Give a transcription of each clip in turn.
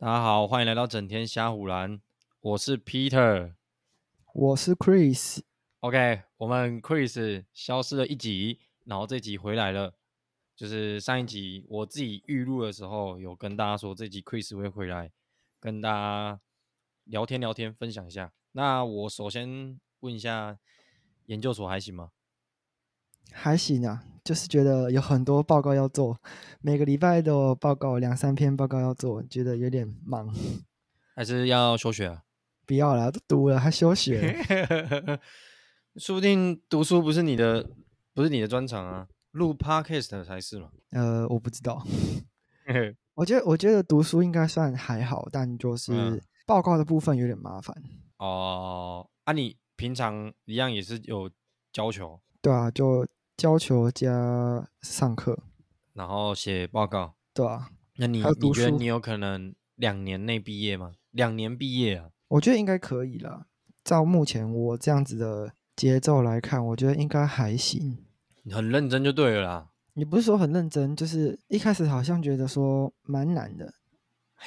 大家好，歡迎來到整天蝦唬籃，我是 Peter，我是 Chris。OK，我們 Chris 消失了一集，然後這集回來了。就是上一集我自己預錄的時候，有跟大家說這集 Chris 會回來跟大家聊天聊天，分享一下。那我首先問一下研究所還行嗎？還行啊，就是覺得有很多報告要做，每個禮拜都報告兩三篇報告要做，覺得有點忙。還是要休學啊？不要了，都讀了還休學？說 不定讀書不是你的，不是你的專長啊？錄 podcast 才是嘛？呃，我不知道。 我覺得，我覺得讀書應該算還好，但就是報告的部分有點麻煩。嗯。哦，啊，你平常一樣也是有要求？對啊，就。教球加上課，然後寫報告，對啊，那你你覺得你有可能兩年內畢業嗎？兩年畢業啊？我覺得應該可以了。照目前我這樣子的節奏來看，我覺得應該還行。你很認真就對了啦，你不是說很認真，就是一開始好像覺得說蠻難的。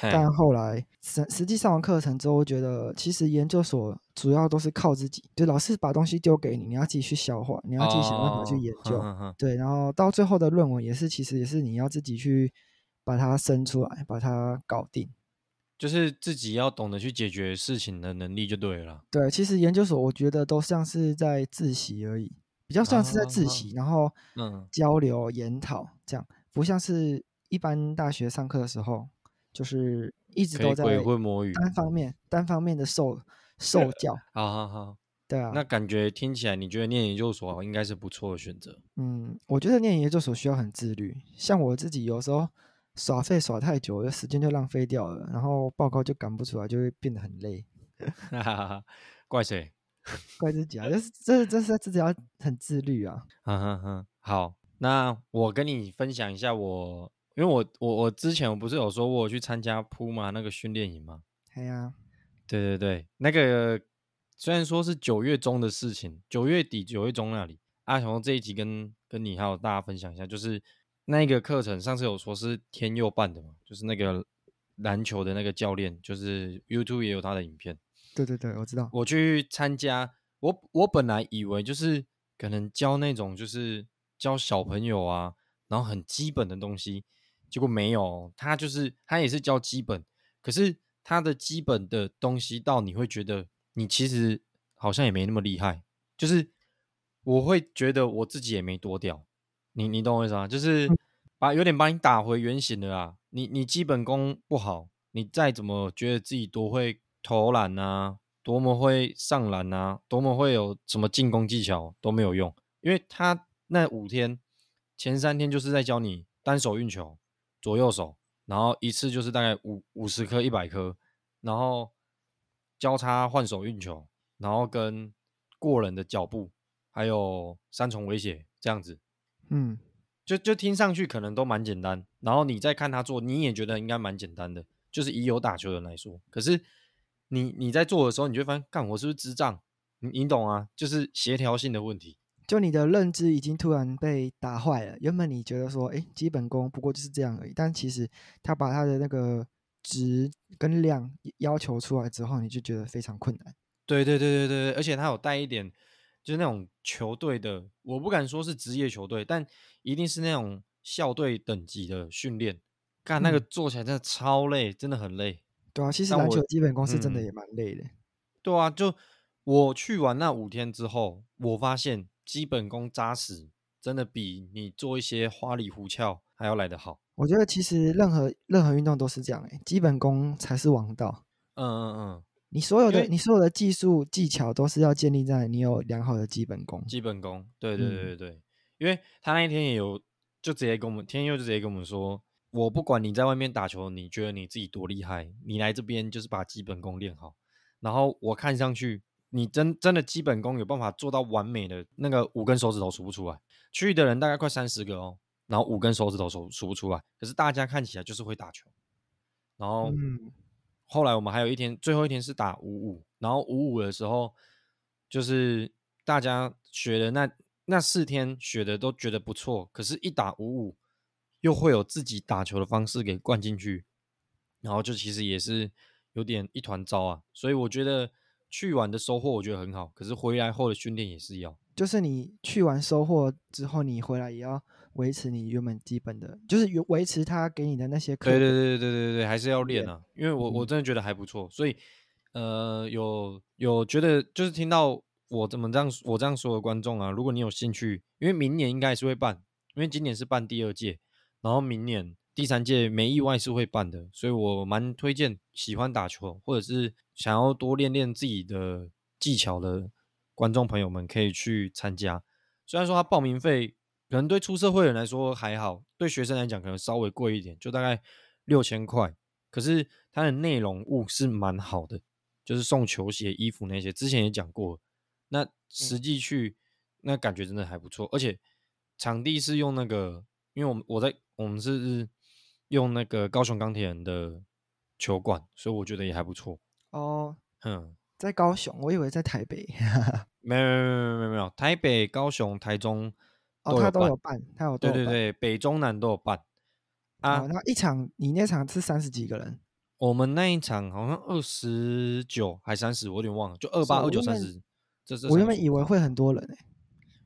但後來實實際上完課程之後，我覺得其實研究所主要都是靠自己，就老師把東西丟給你，你要自己去消化，你要自己想辦法去研究，oh, oh, oh, oh, oh. 對，然後到最後的論文也是，其實也是你要自己去把它生出來，把它搞定，就是自己要懂得去解決事情的能力就對了。對，其實研究所我覺得都像是在自習而已，比較算是在自習，oh, oh, oh. 然後嗯，交流研討這樣，不像是一般大學上課的時候。就是一直都在單方面鬼混魔語，單方面的受受教。好好好，對啊。那感覺聽起來，你覺得念研究所應該是不錯的選擇。嗯，我覺得念研究所需要很自律。像我自己有時候耍廢耍太久，時間就浪費掉了，然後報告就趕不出來，就會變得很累。哈哈哈，怪誰？ 怪自己啊！就是這、就是自己、就是就是、要很自律啊。哈哈哈，好，那我跟你分享一下我。因為我我我之前我不是有說我有去參加鋪嘛，那個訓練營嗎？對啊，對對對，那個雖然說是九月中的事情，九月底九月中那裡，阿雄這一集跟跟你還有大家分享一下，就是那個課程上次有說是天佑辦的嘛，就是那個籃球的那個教練，就是 YouTube 也有他的影片。對對對，我知道。我去參加，我我本來以為就是可能教那種就是教小朋友啊，然後很基本的東西。結果沒有，他就是他也是教基本，可是他的基本的東西到你會覺得你其實好像也沒那麼厲害，就是我會覺得我自己也沒多屌，你你懂我意思啊，就是把有點把你打回原形了啦！你你基本功不好，你再怎麼覺得自己多會投籃啊，多麼會上籃啊，多麼會有什麼進攻技巧都沒有用，因為他那五天前三天就是在教你單手運球，左右手，然後一次就是大概五五十顆、一百顆，然後交叉換手運球，然後跟過人的腳步，還有三重威脅這樣子。嗯，就就聽上去可能都蠻簡單，然後你再看他做，你也覺得應該蠻簡單的，就是以有打球的人來說。可是你你在做的時候，你就會發現，幹我是不是智障？你你懂啊，就是協調性的問題。就你的認知已經突然被打壞了。原本你覺得說，哎，基本功不過就是這樣而已。但其實他把他的那個值跟量要求出來之後，你就覺得非常困難。對對對對對，而且他有帶一點，就是那種球隊的，我不敢說是職業球隊，但一定是那種校隊等級的訓練。幹、嗯、那個做起來真的超累，真的很累。對啊，其實籃球的基本功是真的也蠻累的、嗯。對啊，就我去完那五天之後，我發現。基本功扎實，真的比你做一些花裡胡哨還要來得好。我覺得其實任何任何運動都是這樣、欸，基本功才是王道。嗯嗯嗯，你所有的為你所有的技術技巧都是要建立在你有良好的基本功。基本功，對對對對對，嗯、因為他那一天也有，就直接跟我們，天佑就直接跟我們說，我不管你在外面打球，你覺得你自己多厲害，你來這邊就是把基本功練好，然後我看上去。你真真的基本功有辦法做到完美的那個五根手指頭數不出來，去的人大概快三十個哦，然後五根手指頭數數不出來，可是大家看起來就是會打球，然後、嗯、後來我們還有一天，最後一天是打五五，然後五五的時候就是大家學的那那四天學的都覺得不錯，可是，一打五五又會有自己打球的方式給灌進去，然後就其實也是有點一團糟啊，所以我覺得。去完的收穫我覺得很好，可是回來後的訓練也是要，就是你去完收穫之後，你回來也要維持你原本基本的，就是維維持他給你的那些課程。對對對對對對對，還是要練啊，Yeah. 因為我我真的覺得還不錯，嗯、所以呃有有覺得就是聽到我怎麼這樣我這樣說的觀眾啊，如果你有興趣，因為明年應該也是會辦，因為今年是辦第二屆，然後明年。第三屆沒意外是會辦的，所以我蠻推薦喜歡打球或者是想要多練練自己的技巧的觀眾朋友們可以去參加。雖然說它報名費可能對出社會人來說還好，對學生來講可能稍微貴一點，就大概六千塊。可是它的內容物是蠻好的，就是送球鞋、衣服那些。之前也講過，那實際去、嗯、那感覺真的還不錯，而且場地是用那個，因為我們我在我們是。用那個高雄鋼鐵人的球館，所以我覺得也還不錯哦。Oh, 嗯，在高雄，我以為在台北。 沒有沒有沒有沒有，台北、高雄、台中哦，oh, 他都有辦，他有，有對對對，北中南都有辦，oh, 啊。那一場，你那場是三十幾個人？我們那一場好像二十九還三十，我有點忘了，就二八二九三十。這我原本以為會很多人呢、欸，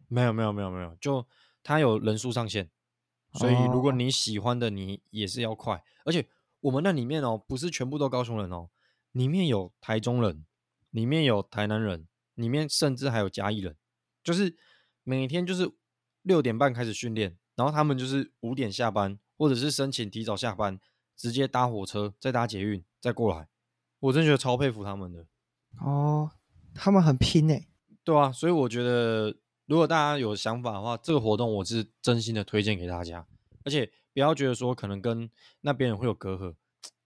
沒有沒有沒有沒有，就他有人數上限。所以，如果你喜歡的，你也是要快。而且，我們那裡面哦，不是全部都高雄人哦，裡面有台中人，裡面有台南人，裡面甚至還有嘉義人。就是每天就是六點半開始訓練，然後他們就是五點下班，或者是申請提早下班，直接搭火車再搭捷運再過來。我真覺得超佩服他們的。哦，他們很拼呢。對啊，所以我覺得。如果大家有想法的話，這個活動我是真心的推薦給大家，而且不要覺得說可能跟那邊人會有隔閡，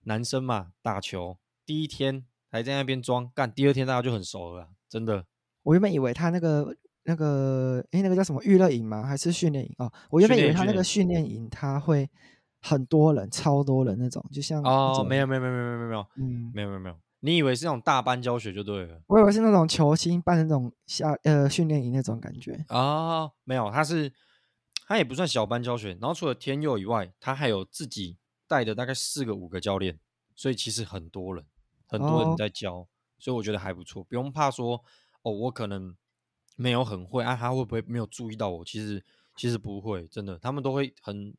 男生嘛，打球，第一天還在那邊裝乾，第二天大家就很熟了，真的。我原本以為他那個那個哎那個叫什麼娛樂營嗎？還是訓練營啊、哦？我原本以為他，訓練他那個訓練營他會很多人、嗯、超多人那種，就像哦沒有沒有沒有沒有沒有嗯沒有沒有。你以為是那種大班教學就對了？我以為是那種球星辦那種小呃訓練營那種感覺啊、哦，沒有，他是他也不算小班教學。然後除了天佑以外，他還有自己帶的大概四個五個教練，所以其實很多人很多人在教，哦、所以我覺得還不錯，不用怕說哦，我可能沒有很會啊，他會不會沒有注意到我？其實其實不會，真的，他們都會很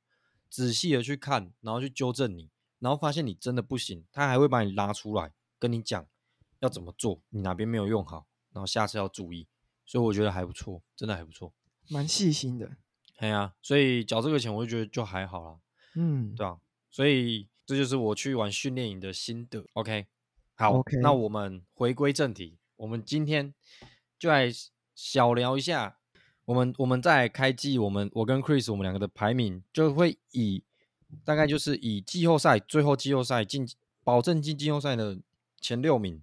仔細的去看，然後去糾正你，然後發現你真的不行，他還會把你拉出來。跟你講要怎麼做，你哪邊沒有用好，然後下次要注意。所以我覺得還不錯，真的還不錯，蠻細心的。哎呀、啊，所以繳這個錢，我就覺得就還好了。嗯，對啊，所以這就是我去玩訓練營的心得。OK，好，okay. 那我們回歸正題，我們今天就來小聊一下。我們我們在開季，我們，我，們我跟 Chris 我們兩個的排名就會以大概就是以季後賽最後季後賽進保證進季後賽的前六名，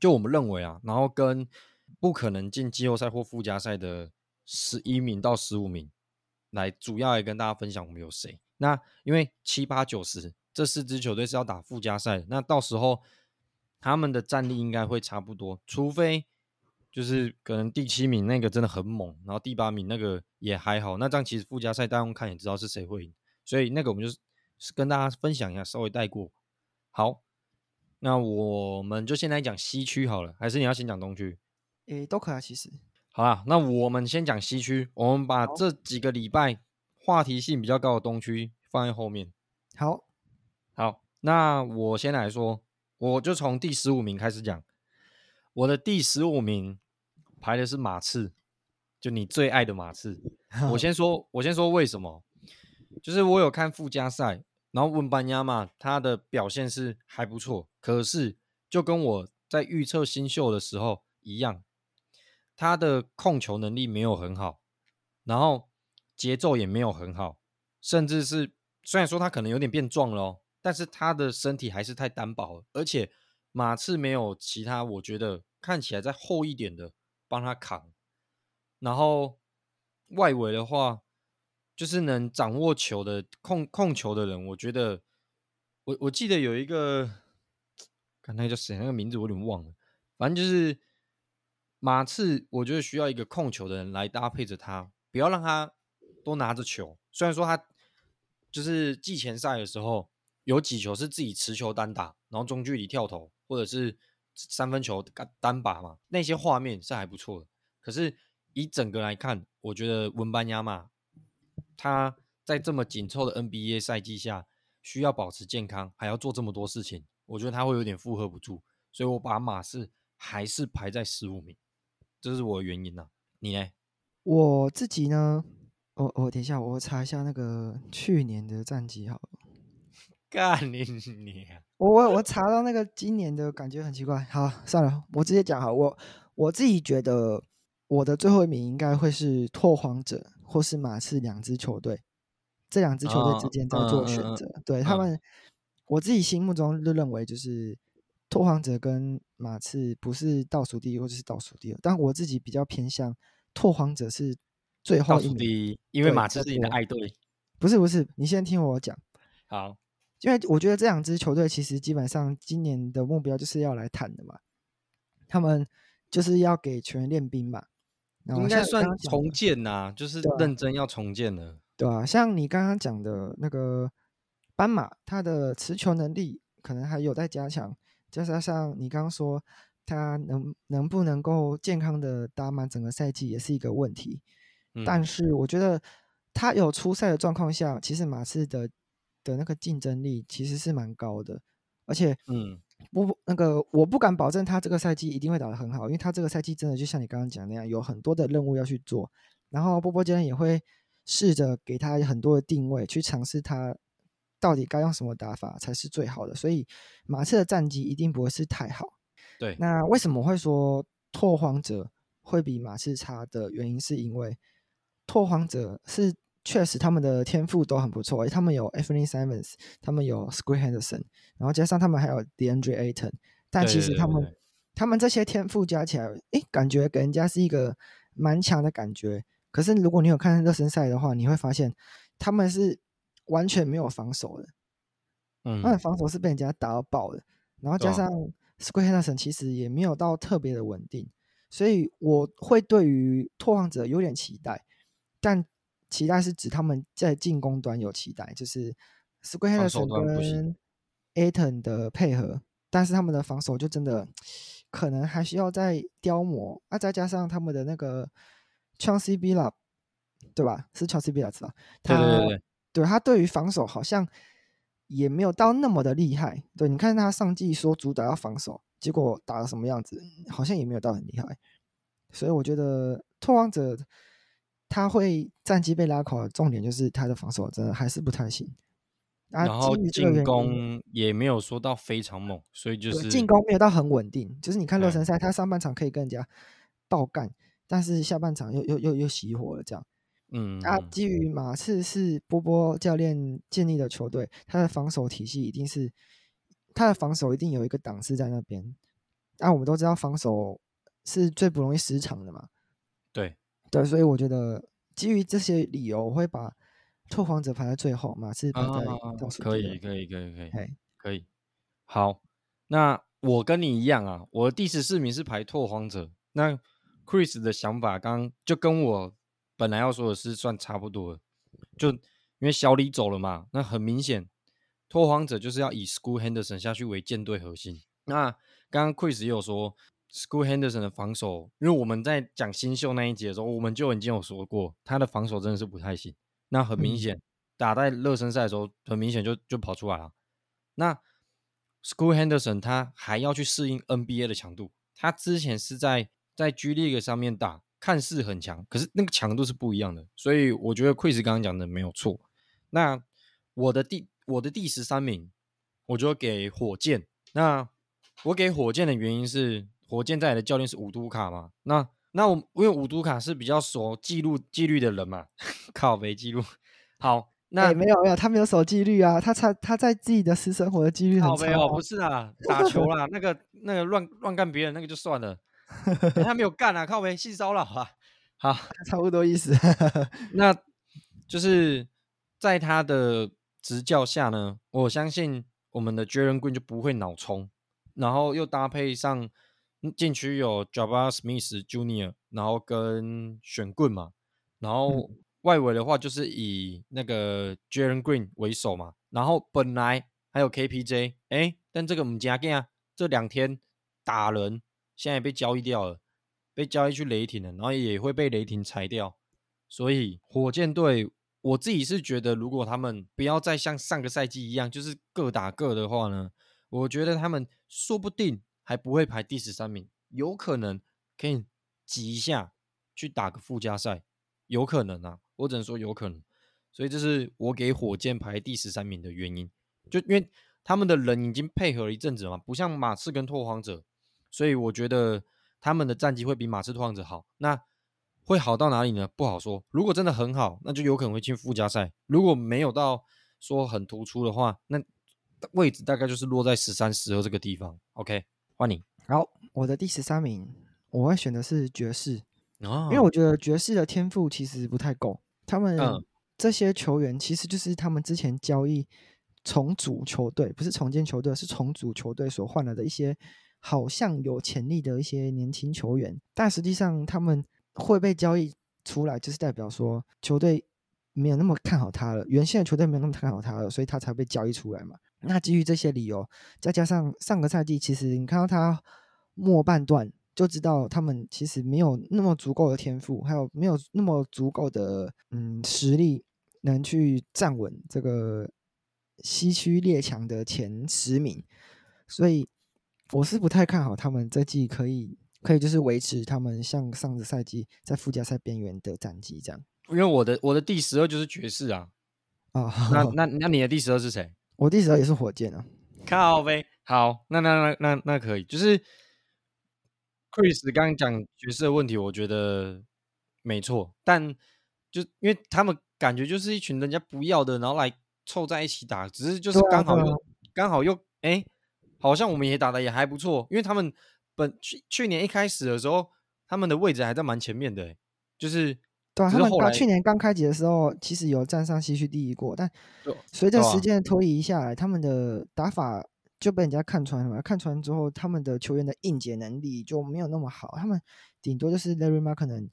就我們認為啊，然後跟不可能進季後賽或附加賽的十一名到十五名，來主要來跟大家分享我們有誰。那因為七八九十這四支球隊是要打附加賽，那到時候他們的戰力應該會差不多，除非就是可能第七名那個真的很猛，然後第八名那個也還好，那這樣其實附加賽大家看也知道是誰會贏，所以那個我們就是跟大家分享一下，稍微帶過。好。那我們就先來講西區好了，還是你要先講東區？誒、欸，都可以啊，其實。好啦，那我們先講西區，我們把這幾個禮拜話題性比較高的東區放在後面。好，好，那我先來說，我就從第十五名開始講。我的第十五名排的是馬刺，就你最愛的馬刺。 我先說，我先說為什麼，就是我有看附加賽。然後文班亞馬他的表現是還不錯，可是就跟我在預測新秀的時候一樣，他的控球能力沒有很好，然後節奏也沒有很好，甚至是雖然說他可能有點變壯了，但是他的身體還是太單薄了，而且馬刺沒有其他我覺得看起來再厚一點的幫他扛，然後外圍的話。就是能掌握球的控控球的人，我覺得我我記得有一個，看那叫誰？那個名字我有點忘了。反正就是馬刺，我覺得需要一個控球的人來搭配着他，不要讓他都拿着球。雖然說他就是季前賽的時候有幾球是自己持球單打，然後中距離跳投或者是三分球單單打嘛，那些畫面是還不錯的。可是以整個來看，我覺得文班亞馬。他在這麼緊湊的 NBA 賽季下，需要保持健康，還要做這麼多事情，我覺得他會有點負荷不住，所以我把馬刺還是排在十五名，這是我的原因呢。你呢？我自己呢？我、oh, 我、oh, 等一下，我查一下那個去年的戰績好了。幹你你！你啊、我我我查到那個今年的感覺很奇怪。好，算了，我直接講好。我我自己覺得我的最後一名應該會是拓荒者。或是馬刺兩支球隊，這兩支球隊之間在做選擇。哦嗯嗯、對他們，嗯、我自己心目中就認為，就是拓荒者跟馬刺不是倒數第一或者是倒數第二，但我自己比較偏向拓荒者是最後一名。倒數第一對因為馬刺是你的愛隊。不是不是，你先聽我講。好，因為我覺得這兩支球隊其實基本上今年的目標就是要來談的嘛，他們就是要給球員練兵嘛。剛剛應該算重建吶、啊，就是認真要重建了，對吧、啊？像你剛剛講的那個斑馬，他的持球能力可能還有待加強，再加上你剛剛說他能能不能夠健康的打滿整個賽季也是一個問題。嗯、但是我覺得他有出賽的狀況下，其實馬刺的的那個競爭力其實是蠻高的，而且嗯。波波那個，我不敢保證他這個賽季一定會打得很好，因為他這個賽季真的就像你剛剛講那樣，有很多的任務要去做。然後波波教練也會試着給他很多的定位，去嘗試他到底該用什麼打法才是最好的。所以馬刺的戰績一定不會是太好。對，那為什麼我會說拓荒者會比馬刺差的原因，是因為拓荒者是。確實，他們的天賦都很不錯。哎，他們有 Anfernee Simons，他們有 Scoot Henderson，然後加上他們還有 DeAndre Ayton。但其實他們對對對對他們這些天賦加起來，哎，感覺給人家是一個蠻強的感覺。可是如果你有看熱身賽的話，你會發現他們是完全沒有防守的。嗯，他的防守是被人家打到爆的。然後加上 Scoot Henderson 其實也沒有到特別的穩定，所以我會對於拓荒者有點期待，但。期待是指他們在進攻端有期待，就是 Scoot Henderson 的跟 Ayton 的配合，但是他們的防守就真的可能還需要再雕磨啊！再加上他們的那個 Chauncey Billups，對吧？是 Chauncey Billups，是吧？對對對他對，對他對於防守好像也沒有到那麼的厲害。對，你看他上季說主打要防守，結果打的什麼樣子，好像也沒有到很厲害。所以我覺得拓荒者。他會戰績被拉垮，重點就是他的防守真的還是不太行啊。然後進攻也沒有說到非常猛，所以就是進攻沒有到很穩定。就是你看洛神賽，嗯、他上半場可以跟人家爆幹，但是下半場又又又又熄火了這樣。嗯，啊，基於馬刺是，是波波教練建立的球隊，他的防守體系一定是他的防守一定有一個檔次在那邊。那我們都知道防守是最不容易失常的嘛，對。對，所以我覺得基於這些理由，我會把拓荒者排在最後，嘛，是排，排、啊啊啊、可以，可以，可以，可以，可以，好。那我跟你一樣啊，我的第十四名是排拓荒者。那 Chris 的想法，剛就跟我本來要說的是算差不多了，就因為小李走了嘛，那很明顯，拓荒者就是要以 Scoot Henderson 下去為建隊核心。那剛剛 Chris 也有說。School Scoot Henderson 的防守，因為我們在講新秀那一集的時候，我們就已經有說過他的防守真的是不太行。那很明顯，打在熱身賽的時候，很明顯就就跑出來了。那 School Scoot Henderson 他還要去適應 NBA 的強度，他之前是在在 G League 上面打，看似很強，可是那個強度是不一樣的。所以我覺得 Chris 剛剛講的沒有錯。那我的第我的第十三名，我就給火箭。那我給火箭的原因是。火箭在的教練是烏度卡嘛？那那我因為烏度卡是比較守紀錄、紀律的人嘛，靠北，紀錄好。那、欸、沒有沒有，他沒有守紀律啊，他他他在自己的私生活的紀律好、啊，沒有、哦，不是啊，打球啦， 那個那個亂亂幹別人那個就算了，哎、他沒有幹啊，靠北，性騷擾啊，好，好差不多意思 那。那就是在他的執教下呢，我相信我們的 Jalen Green 就不會腦衝，然後又搭配上。禁區有 Jabari Smith Junior，然後跟選棍嘛，然後外圍的話就是以那個 Jalen Green 為首嘛，然後本來還有 K P J，哎、欸，但這個唔加勁啊，這兩天打人，現在也被交易掉了，被交易去雷霆了，然後也會被雷霆裁掉，所以火箭隊我自己是覺得，如果他們不要再像上個賽季一樣，就是各打各的話呢，我覺得他們說不定。還不會排第十三名，有可能可以擠一下去打個附加賽，有可能啊，我只能說有可能，所以這是我給火箭排第十三名的原因，就因為他們的人已經配合了一陣子了嘛，不像馬刺跟拓荒者，所以我覺得他們的戰績會比馬刺拓荒者好，那會好到哪裡呢？不好說。如果真的很好，那就有可能會進附加賽；如果沒有到說很突出的話，那位置大概就是落在十三、十二這個地方。OK。好，我的第十三名，我會選的是爵士，oh. 因為我覺得爵士的天賦其實不太夠。他們這些球員其實就是他們之前交易重組球隊，不是重建球隊，是重組球隊所換來的一些好像有潛力的一些年輕球員，但實際上他們會被交易出來，就是代表說球隊沒有那麼看好他了，原先的球隊沒有那麼看好他了，所以他才被交易出來嘛。那基於這些理由，再加上上個賽季，其實你看到他末半段就知道，他們其實沒有那麼足夠的天賦，還有沒有那麼足夠的嗯，實力，能去站穩這個西區列強的前十名。所以我是不太看好他們這季可以可以就是維持他們像上個賽季在附加賽邊緣的戰績這樣。因為我的我的第十二就是爵士啊，啊，那那那你的第十二是誰？我第十也是火箭啊，靠北。好，那那那那那可以，就是 Chris 剛剛講角色的問題，我覺得沒錯。但就因為他們感覺就是一群人家不要的，然後來湊在一起打，只是就是剛好剛、啊啊、好又哎、欸，好像我們也打的也還不錯，因為他們本去去年一開始的時候，他們的位置還在蠻前面的、欸，就是。對、啊、他們去年剛開季的時候，其實有站上西區第一過，但隨着時間的推移下來，他們的打法就被人家看穿了嘛，看穿之後，他們的球員的硬解能力就沒有那麼好。他們頂多就是 Lauri Markkanen 可能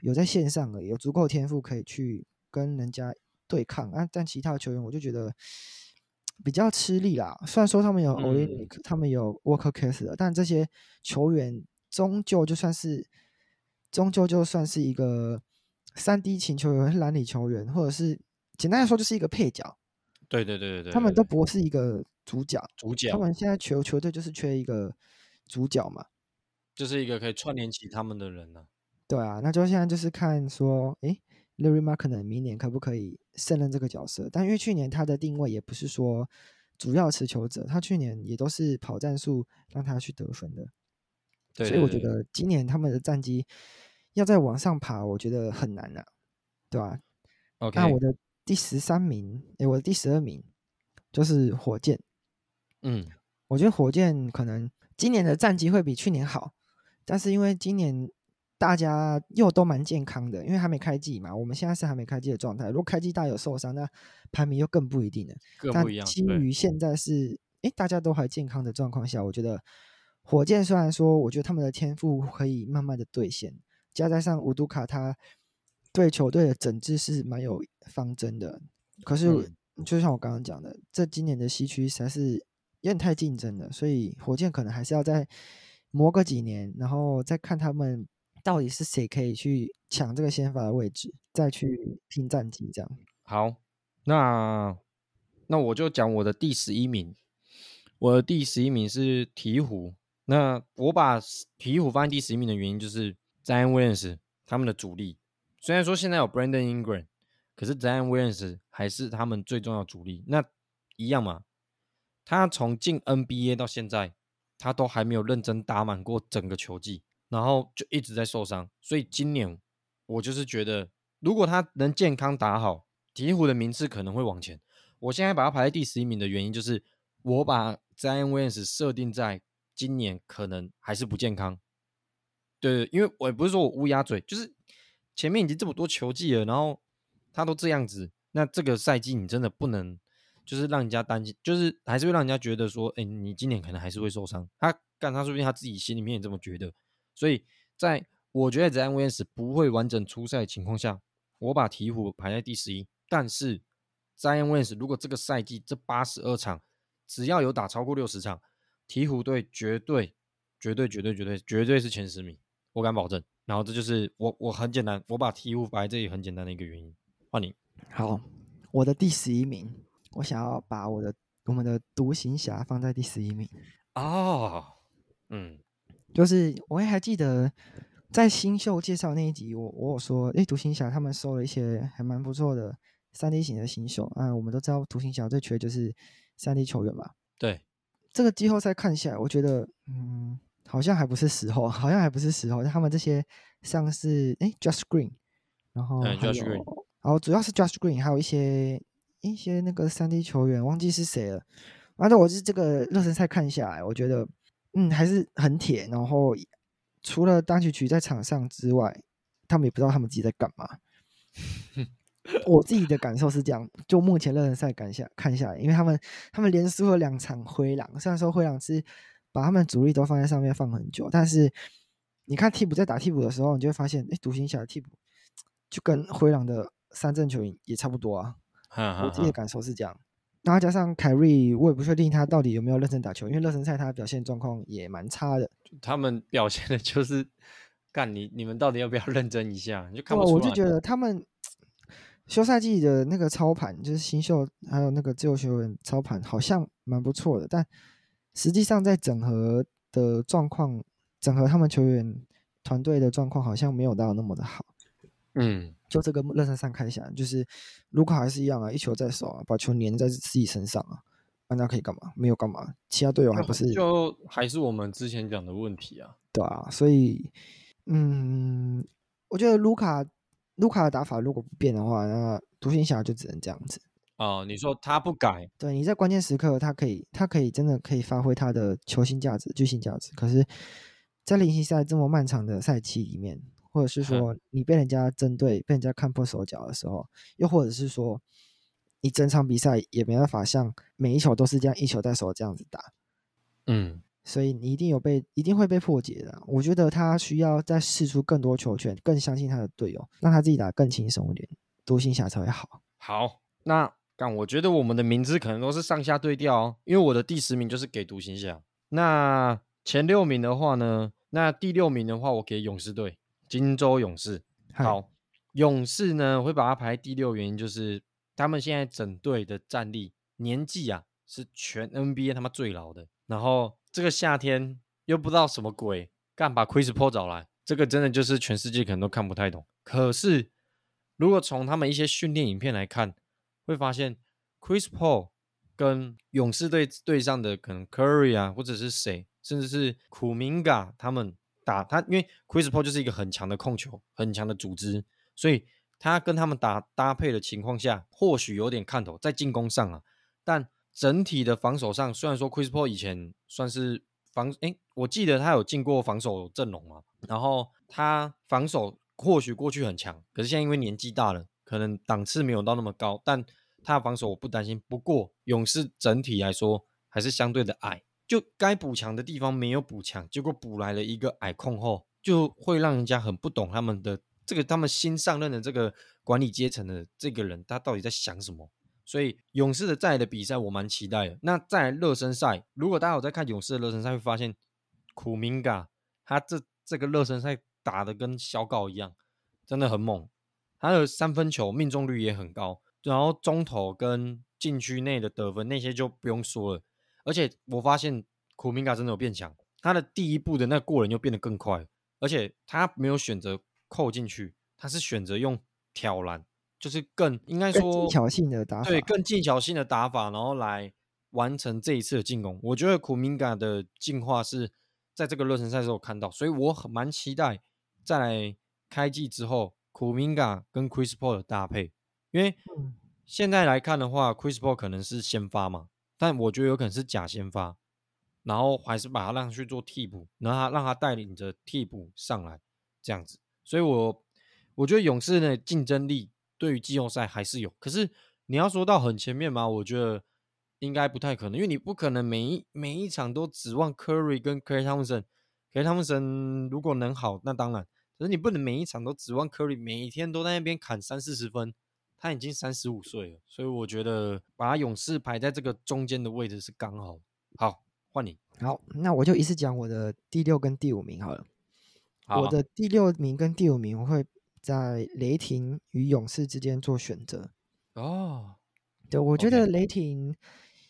有在線上的，有足夠天賦可以去跟人家對抗啊。但其他球員，我就覺得比較吃力啦。雖然說他們有 Olynyk，、嗯、他們有 Walker Kessler 的，但這些球員終究就算是，終究就算是一個。三 D 型球員是藍領球員，或者是簡單來說就是一個配角。對對對對，對，對，他們都不是一個主角。主角。他們現在球球隊就是缺一個主角嘛，就是一個可以串聯起他們的人呢、啊。對啊，那就現在就是看說，哎，Lauri Markkanen 明年可不可以勝任這個角色？但因為去年他的定位也不是說主要持球者，他去年也都是跑戰術讓他去得分的，對對對對，所以我覺得今年他們的戰績。要再往上爬，我覺得很難了、啊，對吧？OK，那我的第十三名，誒我的第十二名就是火箭。嗯，我覺得火箭可能今年的戰績會比去年好，但是因為今年大家又都蠻健康的，因為還沒開季嘛，我們現在是還沒開季的狀態。如果開季大有受傷，那排名又更不一定了。更不一樣。但基於現在是，哎對，大家都還健康的狀況下，我覺得火箭雖然說，我覺得他們的天賦可以慢慢的兌現。加在上，五都卡他對球隊的整治是蠻有方針的。可是，就像我剛剛講的，這今年的西區實在是有點太競爭了，所以火箭可能還是要再磨個幾年，然後再看他們到底是誰可以去搶這個先發的位置，再去拼戰績。這樣好，那那我就講我的第十一名，我的第十一名是鹈鶘。那我把鹈鶘放在第十一名的原因就是。Zion Williams 他們的主力，雖然說現在有 Brandon Ingram，可是 Zion Williams 還是他們最重要的主力。那一樣嘛，他從進 NBA 到現在，他都還沒有認真打滿過整個球季，然後就一直在受傷。所以今年我就是覺得，如果他能健康打好，鵜鶘的名次可能會往前。我現在把他排在第十一名的原因，就是我把 Zion Williams 設定在今年可能還是不健康。對，因為我也不是說我烏鴉嘴，就是前面已經這麼多球季了，然後他都這樣子，那這個賽季你真的不能，就是讓人家擔心，就是還是會讓人家覺得說，哎，你今年可能還是會受傷。他干，他說不定他自己心裡面也這麼覺得。所以在我覺得在 Zion 不會完整出賽的情況下，我把鵜鶘排在第十一。但是在 Zion 如果這個賽季這八十二場只要有打超過六十場，鵜鶘隊絕對、絕對、絕對、絕對、絕對、絕對是前十名。我敢保證，然後這就是我，我很簡單，我把題目擺在這裡很簡單的一個原因。換你，好，好，我的第十一名，我想要把我的，我們的獨行俠放在第十一名。哦，嗯，就是我也還記得在新秀介紹那一集，我我有說，哎，獨行俠他們收了一些還蠻不錯的三 D 型的新秀啊、呃。我們都知道獨行俠最缺的就是三 D 球員嘛。對，這個季後賽看起來，我覺得，嗯。好像還不是時候，好像還不是時候。他們這些像是哎，Josh Green，然後還有，然後、嗯、主要是 Josh Green，還有一些一些那個三 D 球員，忘記是誰了。反正我是這個熱身賽看下來，我覺得嗯還是很鐵。然後除了單曲曲在場上之外，他們也不知道他們自己在幹嘛。 我自己的感受是這樣，就目前熱身賽看下看下來，因為他們他們連輸了兩場灰狼，雖然說灰狼是。把他們主力都放在上面放很久，但是你看替補在打替補的時候，你就會發現，哎、欸，獨行俠的替補就跟灰狼的三陣球也差不多啊。嗯嗯嗯、我自己的感受是這樣。嗯嗯嗯、然後加上凱瑞，我也不確定他到底有沒有認真打球，因為熱身賽他的表現狀況也蠻差的。他們表現的就是幹你，你們到底要不要認真一下？你就看不出來、嗯、我就覺得他們休賽季的那個操盤，就是新秀還有那個自由球員操盤，好像蠻不錯的，但實際上，在整合的狀況，整合他們球員團隊的狀況，好像沒有到那麼的好。嗯，就這個熱身賽看起來，就是盧卡還是一樣啊，一球在手啊，把球粘在自己身上啊，啊，那可以幹嘛？沒有幹嘛，其他隊友還不是就還是我們之前講的問題啊。對啊，所以，嗯，我覺得盧卡盧卡的打法如果不變的話，那獨行俠就只能這樣子。哦，你說他不改，對，你在關鍵時刻他可以，他可以真的可以發揮他的球星價值、巨星價值。可是，在例行賽這麼漫長的賽期裡面，或者是說你被人家針對、哼被人家看破手腳的時候，又或者是說你整場比賽也沒辦法像每一球都是這樣一球在手這樣子打，嗯，所以你一定有被，一定會被破解的啊。我覺得他需要再釋出更多球權，更相信他的隊友，讓他自己打更輕鬆一點，獨行俠才會好。好，那。但我覺得我們的名字可能都是上下對調哦。因為我的第十名就是給獨行俠。那前六名的話呢？那第六名的話，我給勇士隊，金州勇士。好，嗯、勇士呢，會把它排第六，原因就是他們現在整隊的戰力、年紀啊，是全 NBA 他媽最老的。然後這個夏天又不知道什麼鬼，幹把 Chris Paul 找來，這個真的就是全世界可能都看不太懂。可是如果從他們一些訓練影片來看，會發現，Chris Paul 跟勇士隊對上的可能 Curry 啊，或者是誰，甚至是庫明加他們打他，因為 Chris Paul 就是一個很強的控球、很強的組織，所以他跟他們打搭配的情況下，或許有點看頭在進攻上啊，但整體的防守上，雖然說 Chris Paul 以前算是防，誒，我記得他有進過防守陣容嘛，然後他防守或許過去很強，可是現在因為年紀大了。可能檔次沒有到那麼高，但他的防守我不擔心。不過勇士整體來說還是相對的矮，就該補強的地方沒有補強，結果補來了一個矮控後，就會讓人家很不懂他們的這個，他們新上任的這個管理階層的這個人他到底在想什麼。所以勇士的在的比賽我蠻期待的。那在熱身賽，如果大家有在看勇士的熱身賽，會發現庫明加他這這個熱身賽打的跟小狗一樣，真的很猛。他的三分球命中率也很高，然後中投跟禁區內的得分那些就不用說了。而且我發現庫明加真的有變強，他的第一步的那個過人又變得更快，而且他沒有選擇扣進去，他是選擇用挑籃，就是更，應該說技巧性的打法，對，更技巧性的打法，然後來完成這一次的進攻。我覺得庫明加的進化是在這個熱身賽時候看到，所以我很蠻期待在開季之後。苦明嘎跟 Chris Paul 的搭配，因為現在來看的話，Chris Paul 可能是先發嘛，但我覺得有可能是假先發，然後還是把他讓他去做替補，然後讓他帶領着替補上來這樣子。所以，我我覺得勇士的競爭力對於季後賽還是有，可是你要說到很前面嘛，我覺得應該不太可能，因為你不可能每一每一場都指望 Curry 跟 Klay Thompson，Klay Thompson 如果能好，那當然。可是你不能每一場都指望庫里，每一天都在那邊砍三四十分。他已經三十五歲了，所以我覺得把他勇士排在這個中間的位置是剛好。好，換你。好，那我就一次講我的第六跟第五名好了。好啊、我的第六名跟第五名我會在雷霆與勇士之間做選擇。哦，oh, 對，我覺得雷霆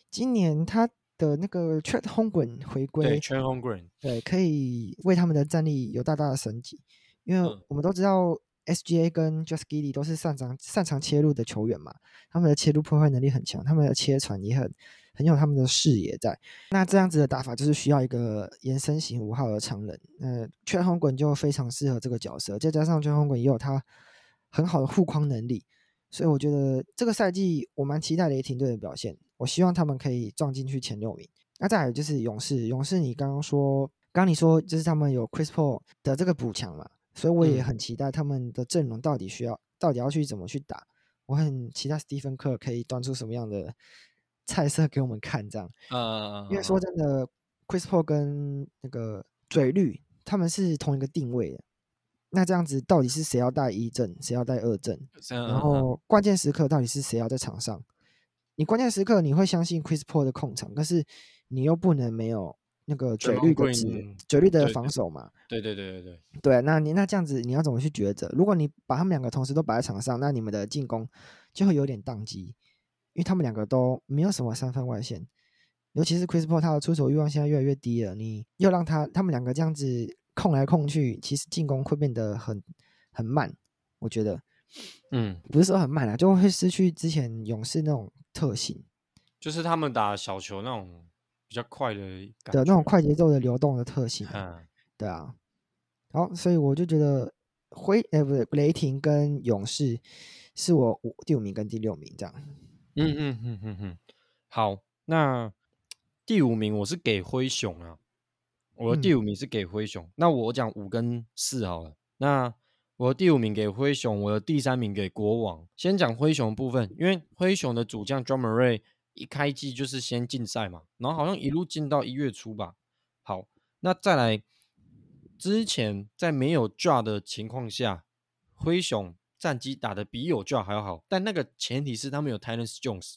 今年他的那個 Chet Holmgren 回歸，Chet Holmgren，對，可以為他們的戰力有大大的升級。因為我們都知道，S G A 跟 Josh Giddey 都是擅長擅長切入的球員嘛，他們的切入破壞能力很強，他們的切傳也很很有他們的視野在。那這樣子的打法就是需要一個延伸型五號的長人，呃，圈紅滾就非常適合這個角色，再加上圈紅滾也有他很好的護框能力，所以我覺得這個賽季我蠻期待雷霆隊的表現，我希望他們可以撞進去前六名。那再有就是勇士，勇士你剛剛說，剛、剛你說就是他們有 Chris Paul 的這個補強嘛。所以我也很期待他們的陣容到底需要，嗯、到底要去怎麼去打？我很期待 Steve Kerr 可以端出什麼樣的菜色給我們看，這樣。嗯。因為說真的好好，Chris Paul 跟那個嘴綠他們是同一個定位的，那這樣子到底是誰要帶一陣，誰要帶二陣？啊啊然後關鍵時刻到底是誰要在場上？你關鍵時刻你會相信 Chris Paul 的控場，但是你又不能沒有。那個嘴綠的對嘴綠的防守嘛，對對對對對對，對那你那這樣子你要怎麼去抉擇？如果你把他們兩個同時都擺在場上，那你們的進攻就會有點當機，因為他們兩個都沒有什麼三分外線，尤其是 Chris Paul 他的出手欲望現在越來越低了，你又讓他他們兩個這樣子控來控去，其實進攻會變得很很慢，我覺得，嗯，不是說很慢啊，就會失去之前勇士那種特性，就是他們打小球那種。比較快的的那種快節奏的流動的特性，嗯、對啊，好，所以我就覺得灰，哎，不對，雷霆跟勇士是我第五名跟第六名這樣，嗯嗯嗯嗯嗯，好，那第五名我是給灰熊啊，我的第五名是給灰熊，嗯、那我講五跟四好了，那我的第五名給灰熊，我的第三名給國王，先講灰熊的部分，因為灰熊的主將 Ja Morant。一開季就是先禁賽嘛，然後好像一路禁到一月初吧。好，那再來，之前在沒有 Ja 的情況下，灰熊戰績打得比有 Ja 還要好，但那個前提是他們有 Tyus Jones，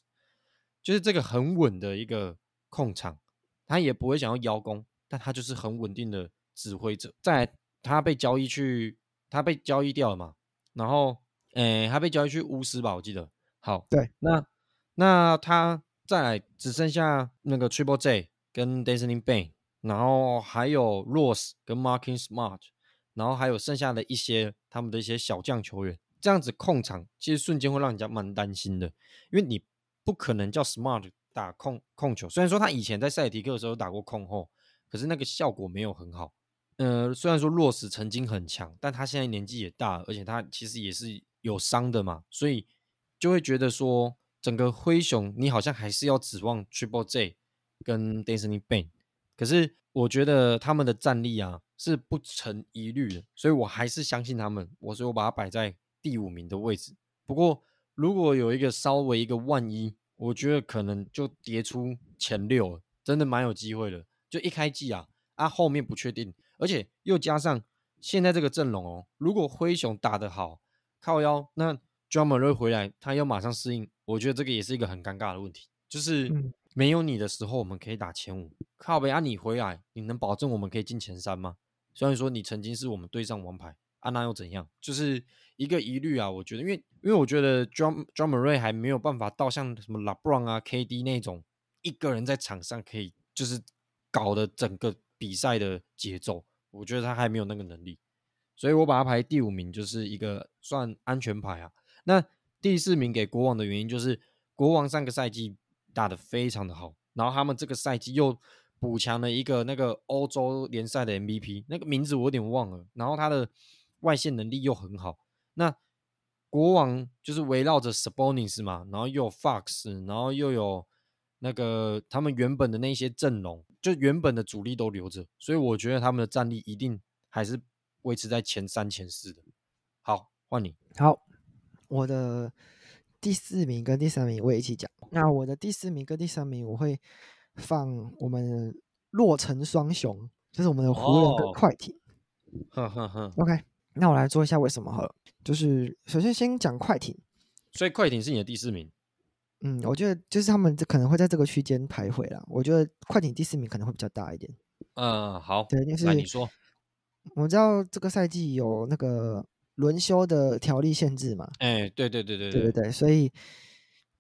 就是這個很穩的一個控場，他也不會想要邀功，但他就是很穩定的指揮者。再來他被交易去，他被交易掉了嘛，然後，哎、欸，他被交易去巫師吧，我記得。好，對，那那他。再來只剩下那個 Triple J 跟 Desmond Bane，然後還有 Ross 跟 Markin Smart，然後還有剩下的一些他們的一些小將球員，這樣子控場其實瞬間會讓人家蠻擔心的，因為你不可能叫 Smart 打控控球，雖然說他以前在塞爾提克的時候打過控後，可是那個效果沒有很好。呃，雖然說 Ross 曾經很強，但他現在年紀也大，而且他其實也是有傷的嘛，所以就會覺得說。整個灰熊，你好像還是要指望 Triple J 跟 Desmond Bane，可是我覺得他們的戰力啊是不成疑慮的，所以我還是相信他們，我所以我把它擺在第五名的位置。不過如果有一個稍微一個萬一，我覺得可能就跌出前六，真的蠻有機會的。就一開季啊，啊後面不確定，而且又加上現在這個陣容哦，如果灰熊打得好，靠腰那。Ja Morant 回來，他又馬上適應，我覺得這個也是一個很尷尬的問題。就是沒有你的時候，我們可以打前五靠北啊，你回來，你能保證我們可以進前三嗎？雖然說你曾經是我們隊上王牌，啊，那又怎樣？就是一個疑慮啊。我覺得，因為因為我覺得 Ja, Ja Morant 還沒有辦法到像什麼 LeBron 啊、KD 那種一個人在場上可以就是搞得整個比賽的節奏。我覺得他還沒有那個能力，所以我把他排第五名，就是一個算安全牌啊。那第四名給國王的原因就是，國王上個賽季打得非常的好，然後他們這個賽季又補強了一個那個歐洲聯賽的 MVP，那個名字我有點忘了，然後他的外線能力又很好。那國王就是圍繞着 Sabonis 是嗎？然後又有 Fox，然後又有那個他們原本的那些陣容，就原本的主力都留着，所以我覺得他們的戰力一定還是維持在前三、前四的。好，換你。好。我的第四名跟第三名我也一起講。那我的第四名跟第三名我會放我們洛城雙雄，就是我們的湖人跟快艇。哦、呵呵呵 OK，那我來做一下為什麼好了，呵就是首先先講快艇，所以快艇是你的第四名。嗯，我覺得就是他們可能會在這個區間徘徊了。我覺得快艇第四名可能會比較大一點。嗯、呃，好，對，那、就是你說。我知道這個賽季有那個。輪休的條例限制嘛？哎、欸，對對對對對，對對對，所以，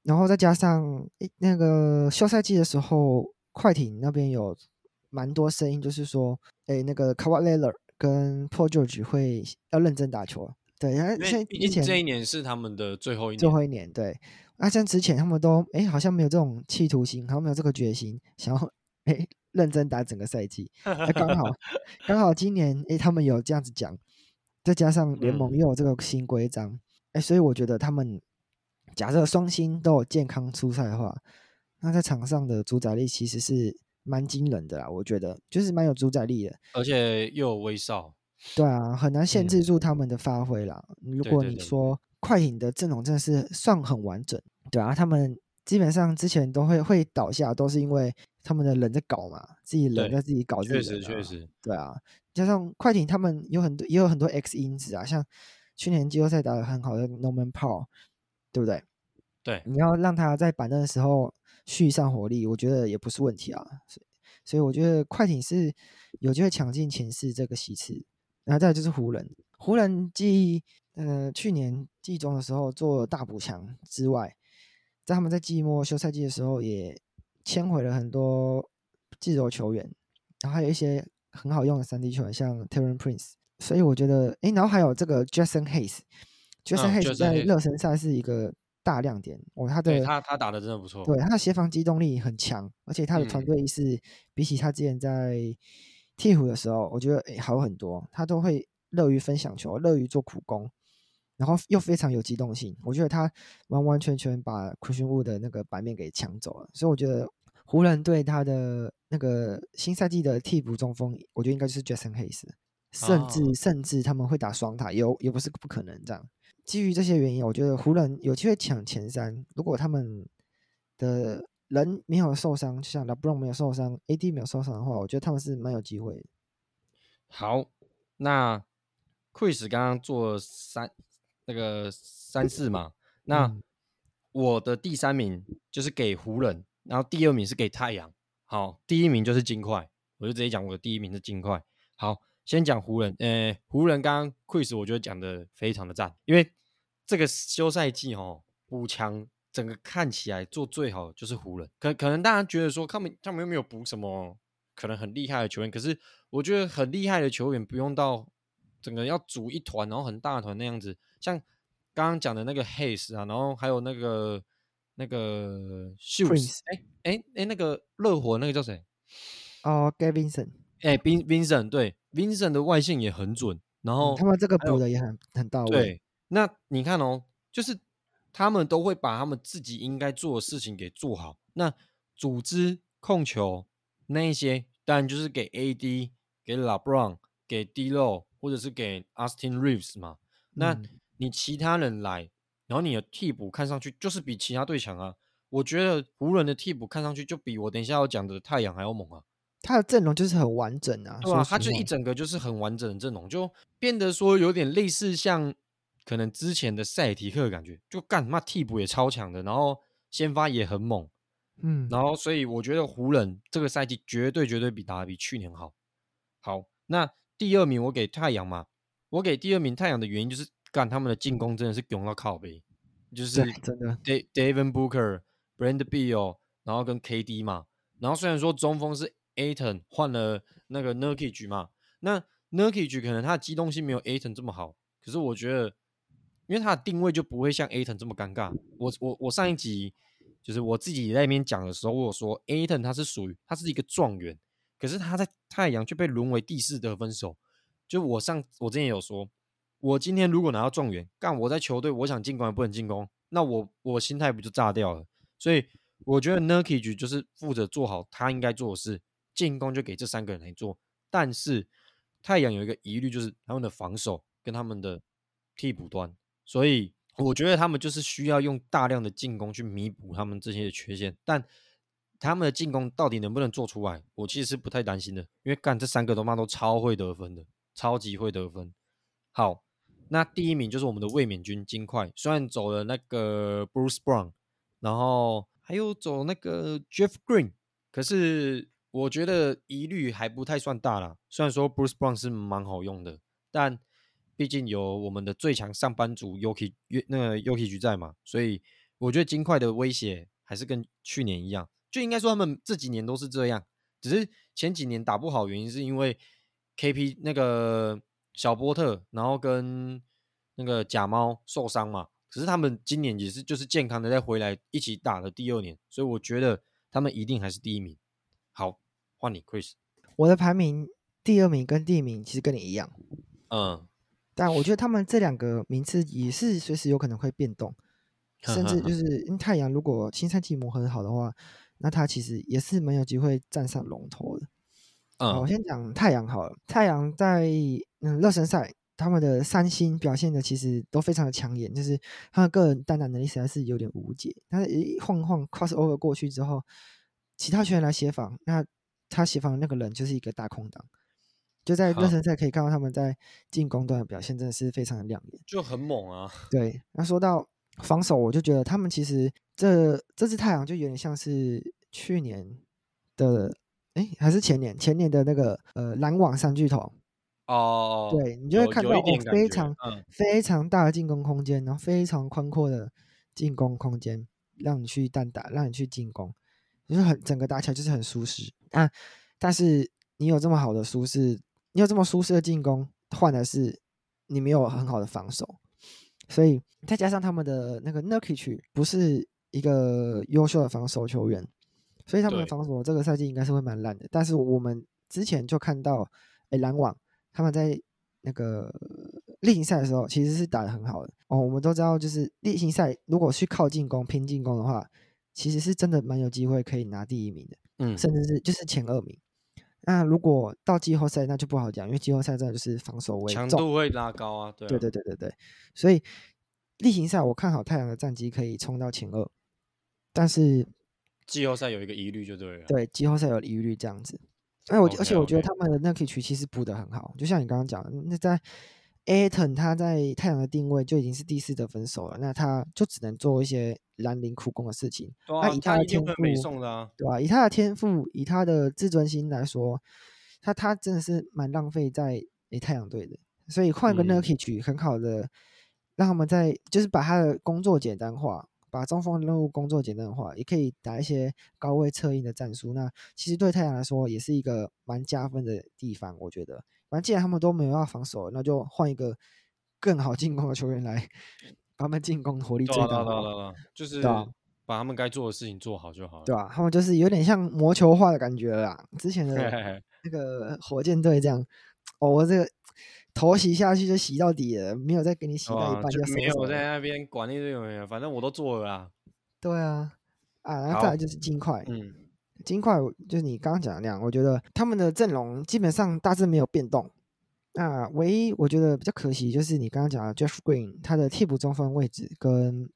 然後再加上哎、欸，那個休賽季的時候，快艇那邊有蠻多聲音，就是說，哎、欸，那個 Kawhi Leonard 跟 Paul George 會要認真打球啊。對，然後現在，以前因為這一年是他們的最後一年，最後一年，對。啊，但之前他們都哎、欸，好像沒有這種企圖心，好像沒有這個決心，想要哎、欸、認真打整個賽季。那、欸、剛好，剛 好今年哎、欸，他們有這樣子講。再加上聯盟又有這個新規章，哎、嗯欸，所以我覺得他們假設雙星都有健康出賽的話，那在場上的主宰力其實是蠻驚人的啦。我覺得就是蠻有主宰力的，而且又有威少，對啊，很難限制住他們的發揮啦。嗯、如果你說快艇的陣容真的是算很完整，對，對，對，對啊，他們基本上之前都會會倒下，都是因為他們的人在搞嘛，自己人在自己搞這個，確實確實，實對啊。加上快艇，他們有很多，也有很多 X 因子啊，像去年季後賽打得很好的 Norman Powell，對不對？對，你要讓他在板凳的時候續上火力，我覺得也不是問題啊。所以，所以我覺得快艇是有機會搶進前四這個席次。然後再來就是湖人，湖人繼呃去年季中的時候做了大補強之外，在他們在季末休賽季的時候也簽回了很多自由球員，然後還有一些。很好用的三 D 球員，像 Taurean Prince，所以我覺得，誒，然後還有這個 Jaxson Hayes，Jaxson、嗯、Hayes 在熱身賽是一個大亮點。哦，他的他他打的真的不錯，對，他的協防機動力很強，而且他的團隊意識，嗯、比起他之前在鵜鶘的時候，我覺得誒好很多。他都會樂於分享球，樂於做苦工，然後又非常有機動性。我覺得他完完全全把 Christian Wood 的那個版面給搶走了，所以我覺得。湖人隊他的那個新賽季的替補中鋒，我覺得應該就是 Jaxson Hayes，甚至甚至他們會打雙塔，有也不是不可能這樣。基於這些原因，我覺得湖人有機會搶前三。如果他們的人沒有受傷，就像 LeBron 沒有受傷，AD 沒有受傷的話，我覺得他們是蠻有機會。好，那 Chris 剛剛做三那個三四嘛，那我的第三名就是給湖人。然後第二名是給太陽，好，第一名就是金塊，我就直接講我的第一名是金塊。好，先講湖人，呃，湖人剛剛 quiz 我覺得講得非常的贊，因為這個休賽季吼，補強，補強整個看起來做最好的就是湖人。可可能大家覺得說他們他們又沒有補什麼可能很厲害的球員，可是我覺得很厲害的球員不用到整個要組一團，然後很大團那樣子，像剛剛講的那個 Hayes 啊，然後還有那個。那個 shields，哎哎哎，那個熱火那個叫誰？哦給、oh, Vincent 哎、欸、，Vin, Vincent 對 Vincent 的外線也很準。然後、嗯、他們這個補的也很很到位。有對，那你看哦、喔，就是他們都會把他們自己應該做的事情給做好。那組織控球那一些，當然就是給 AD，給 LeBron，給 D 羅，ow, 或者是給 Austin Reeves 嘛。嗯、那你其他人來。然後你的替補看上去就是比其他隊強啊！我覺得湖人的替補看上去就比我等一下要講的太陽還要猛啊！他的陣容就是很完整啊，是吧？他就一整個就是很完整的陣容，就變得說有點類似像可能之前的賽提克的感覺，就幹嘛替補也超強的，然後先發也很猛，嗯，然後所以我覺得湖人這個賽季絕對絕對比打的比去年好好。那第二名我給太陽嘛，我給第二名太陽的原因就是。幹他們的進攻真的是囧到靠北，就是、d、真的。D、Da、Devin Booker、Bradley Beal 然後跟 KD 嘛，然後雖然說中鋒是 Ayton 換了那個 Nurkic 嘛，那 Nurkic 可能他的機動性沒有 Ayton 這麼好，可是我覺得，因為他的定位就不會像 Ayton 這麼尷尬。我我我上一集就是我自己在那邊講的時候，我有說 Ayton 他是屬於他是一個狀元，可是他在太陽卻被淪為第四得分手。就我上我之前有說。我今天如果拿到狀元，幹我在球隊，我想進攻也不能進攻，那我我心態不就炸掉了？所以我覺得 Nurkic 就是負責做好他應該做的事，進攻就給這三個人來做。但是太陽有一個疑慮，就是他們的防守跟他們的替補端，所以我覺得他們就是需要用大量的進攻去彌補他們這些的缺陷。但他們的進攻到底能不能做出來，我其實是不太擔心的，因為幹這三個他媽都超會得分的，超級會得分。好。那第一名就是我們的衛冕軍金塊，雖然走了那個 Bruce Brown，然後還有走那個 Jeff Green，可是我覺得疑慮還不太算大啦，雖然說 Bruce Brown 是蠻好用的，但畢竟有我們的最強上班族 Jokic，那個 Jokic 在嘛，所以我覺得金塊的威脅還是跟去年一樣，就應該說他們這幾年都是這樣，只是前幾年打不好，原因是因為 KP 那個。小波特，然後跟那個假貓受傷嘛，可是他們今年也是就是健康的再回來一起打的第二年，所以我覺得他們一定還是第一名。好，換你，Chris。我的排名第二名跟第一名其實跟你一樣。嗯，但我覺得他們這兩個名次也是隨時有可能會變動，甚至就是，因為太陽如果新賽季磨合很好的話，那他其實也是沒有機會站上龍頭的。嗯，我先講太陽好了。太陽在。嗯，熱身賽他們的三星表現的其實都非常的搶眼，就是他的個人單打能力實在是有點無解。但是一晃晃 cross over 過去之後，其他球員來協防，那他協防的那個人就是一個大空檔。就在熱身賽可以看到他們在進攻端的表現真的是非常的亮眼，就很猛啊。對，那說到防守，我就覺得他們其實這這支太陽就有點像是去年的，哎、欸，還是前年前年的那個呃籃網三巨頭。哦，oh, 對你就會看到一個、哦、非常、嗯、非常大的進攻空間，然後非常寬闊的進攻空間，讓你去單打，讓你去進攻，就是很整個打起來就是很舒適。那、啊、但是你有這麼好的舒適，你有這麼舒適的進攻，換來是你沒有很好的防守，所以再加上他們的那個 Nurkic 不是一個優秀的防守球員，所以他們的防守這個賽季應該是會蠻爛的。對 但是我們之前就看到，哎、欸，籃網。他們在那個例行賽的時候其實是打得很好的哦，我們都知道，就是例行賽如果去靠進攻拼進攻的話，其實是真的蠻有機會可以拿第一名的，嗯，甚至是就是前二名。那如果到季後賽那就不好講，因為季後賽真的就是防守為主，強度會拉高啊，對啊，對，對，對，對，所以例行賽我看好太陽的戰績可以衝到前二，但是季後賽有一個疑慮就對了，對，季後賽有疑慮這樣子。哎，我 okay, okay. 而且我覺得他們的 Nurkic 其實補的很好，就像你剛剛講的，那在 Ayton 他在太陽的定位就已經是第四得分手了，那他就只能做一些藍領苦工的事情。那、啊、以他的天賦，啊、對吧、啊？以他的天賦，以他的自尊心來說，他他真的是蠻浪費在誒、欸、太陽隊的，所以換一個 Nurkic 很好的，嗯、讓他們在就是把他的工作簡單化。把中鋒的任務工作簡單化，也可以打一些高位策應的戰術。那其實對太陽來說也是一個蠻加分的地方，我覺得。反正既然他們都沒有要防守，那就換一個更好進攻的球員來，他們進攻火力最大化了。就是，把他們該做的事情做好就好了。對啊，他們就是有點像魔球化的感覺啦。之前的那個火箭隊這樣，哦，我這個。頭洗下去就洗到底了，沒有再給你洗到一半就，就沒有在那邊管理隊友沒有，反正我都做了、啊。對啊，啊，好再來就是金塊，嗯，金塊就是你剛剛講的那樣，我覺得他們的陣容基本上大致沒有變動。那唯一我覺得比較可惜就是你剛剛講的 Jeff Green，他的替補中鋒位置跟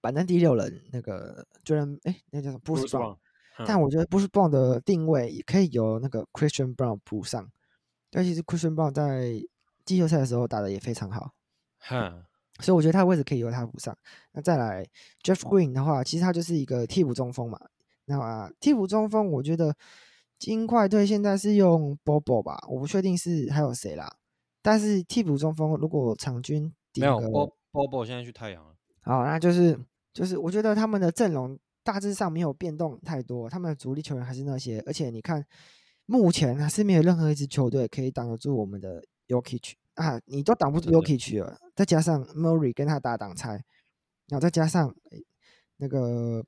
板凳第六人那個就是哎，那叫什麼？Bruce Brown、嗯、但我覺得 Bruce Brown 的定位也可以由那個 Christian Brown 補上，但其實 Christian Brown 在季後賽的時候打得也非常好，哈哼，所以我覺得他的位置可以由他補上。那再來 Jeff Green 的話，哦、其實他就是一個替補中鋒嘛。那替、啊、補中鋒，我覺得金塊隊現在是用 Bobo 吧，我不確定是還有誰啦。但是替補中鋒如果場均沒有 Bobo，Bobo Bo Bo 現在去太陽了。好，那就是就是我覺得他們的陣容大致上沒有變動太多，他們的主力球員還是那些。而且你看，目前還是沒有任何一支球隊可以擋得住我們的。Jokic 啊，你都擋不住 Jokic 了，的再加上 Murray 跟他打擋拆，然後再加上那個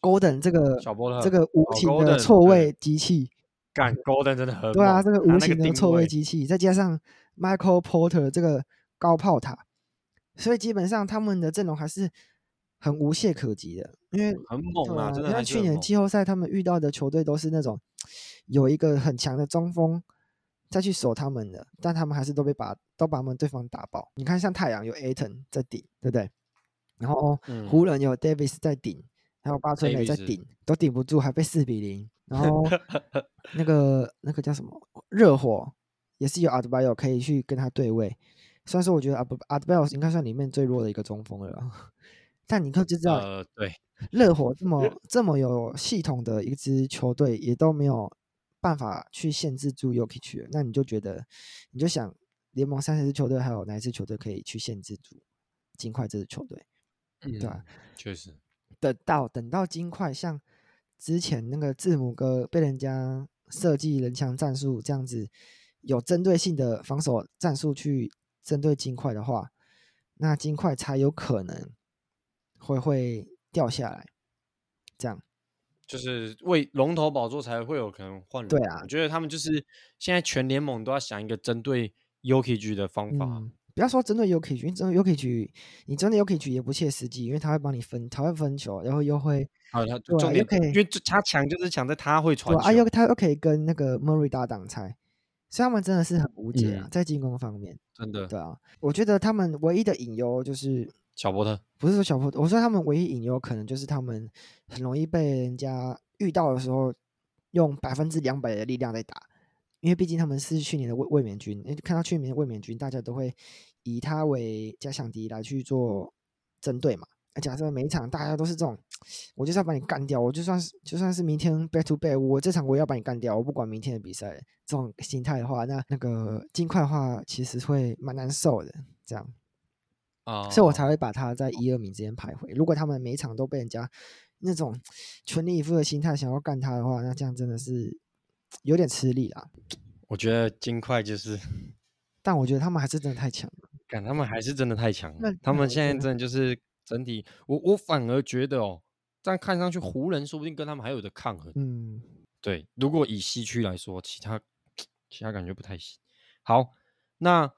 Gordon 這個小波特這個無情的錯位機器，哦、Gordon, 對幹 Gordon 真的很對啊，這個無情的錯位機器，再加上 Michael Porter 這個高炮塔，所以基本上他們的陣容還是很無懈可擊的，因為很猛啊！對啊真的，像去年季後賽他們遇到的球隊都是那種有一個很強的中鋒。再去守他們的，但他們還是都被把都把他們對方打爆。你看，像太陽有 Ayton 在頂，對不對？然後湖人有 Davis 在頂，還有巴特梅在頂，Davis 都頂不住，還被四比零。然後那個 那個叫什麼熱火，也是有 Adebayo 可以去跟他對位。雖然說我覺得 Adebayo 應該算裡面最弱的一個中鋒了，但你看就知道，呃、對，熱火這麼 這麼有系統的一支球隊，也都沒有。辦法去限制住 Yokic 了，那你就覺得，你就想聯盟三十支球隊，還有哪一支球隊可以去限制住金塊這支球隊？嗯，對吧，確實。等到等到金塊像之前那個字母哥被人家設計人牆戰術這樣子，有針對性的防守戰術去針對金塊的話，那金塊才有可能會會掉下來，這樣。就是為龍頭寶座才會有可能換人。對啊，我覺得他們就是現在全聯盟都要想一個針對 Jokic 的方法，嗯。不要說針對 Jokic，你針對 Jokic，你針對 Jokic 也不切實際，因為他會幫你分，他會分球，然後又會。好的、啊，他啊、重點。Jokic，因為他強就是強在他會傳。對啊，又他又可以跟那個 Murray 打擋拆，所以他們真的是很無解啊，嗯、在進攻方面。真的、嗯。對啊，我覺得他們唯一的隱憂就是。小波特，不是說小波特。我說他們唯一隱憂可能就是他們很容易被人家遇到的時候用百分之兩百的力量在打，因為畢竟他們是去年的衛衛冕軍，因為看到去年的衛冕軍，大家都會以他為假想敵來去做針對嘛。假設每一場大家都是這種，我就是要把你幹掉，我就算是就算是明天 back to back，我這場我也要把你幹掉，我不管明天的比賽這種心態的話，那那個金塊的話其實會蠻難受的，這樣。啊，哦、所以我才會把他在一二名之間徘徊。如果他們每場都被人家那種全力以赴的心態想要幹他的話，那這樣真的是有點吃力啊。我覺得金塊就是，但我覺得他們還是真的太強了。幹，他們還是真的太強了。那他們現在真的就是整體，我我反而覺得哦、喔，這樣看上去湖人說不定跟他們還有抗的抗衡。嗯，對。如果以西區來說，其他其他感覺不太行。好，那。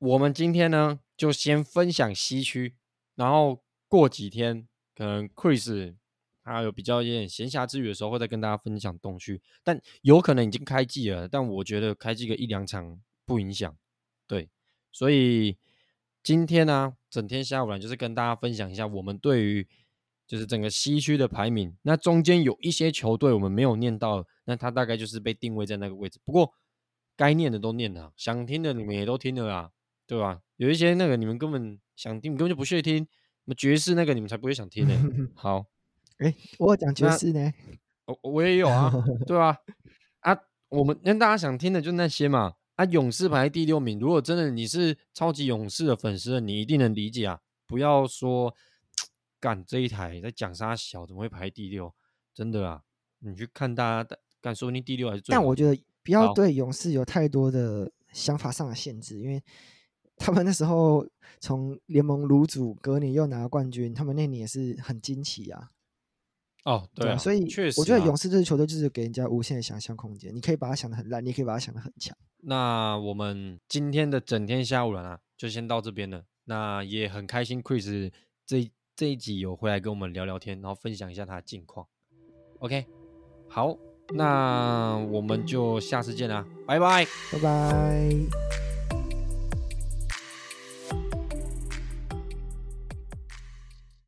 我們今天呢，就先分享西區，然後過幾天可能 Chris 他有比較一點閒暇之餘的時候，會再跟大家分享東區。但有可能已經開季了，但我覺得開季個一兩場不影響。對，所以今天呢、啊，整天蝦唬籃，就是跟大家分享一下我們對於就是整個西區的排名。那中間有一些球隊我們沒有念到，那他大概就是被定位在那個位置。不過該念的都念了，想聽的你們也都聽了啊。對吧？有一些那個你們根本想聽，根本就不屑聽。那爵士那個你們才不會想聽呢、欸。 好，哎、欸，我講爵士呢，我我也有啊， 對吧、啊？啊，我們那大家想聽的就是那些嘛。啊，勇士排第六名，如果真的你是超級勇士的粉絲，你一定能理解啊。不要說幹這一台在講啥小，怎麼會排第六？真的啊，你去看大家幹，說不定第六還是最好。但我覺得不要對勇士有太多的想法上的限制，好因為。他們那時候從聯盟如主，隔年又拿了冠軍，他們那年也是很驚奇啊。哦，對，啊對啊，所以確實、啊、我覺得勇士這支球隊就是給人家無限的想象空間，你可以把它想得很爛，你也可以把它想得很強。那我們今天的整天蝦唬籃了啦，就先到這邊了。那也很開心，Chris 這這一集有回來跟我們聊聊天，然後分享一下他的近況。OK，好，那我們就下次見啦，拜拜，拜拜。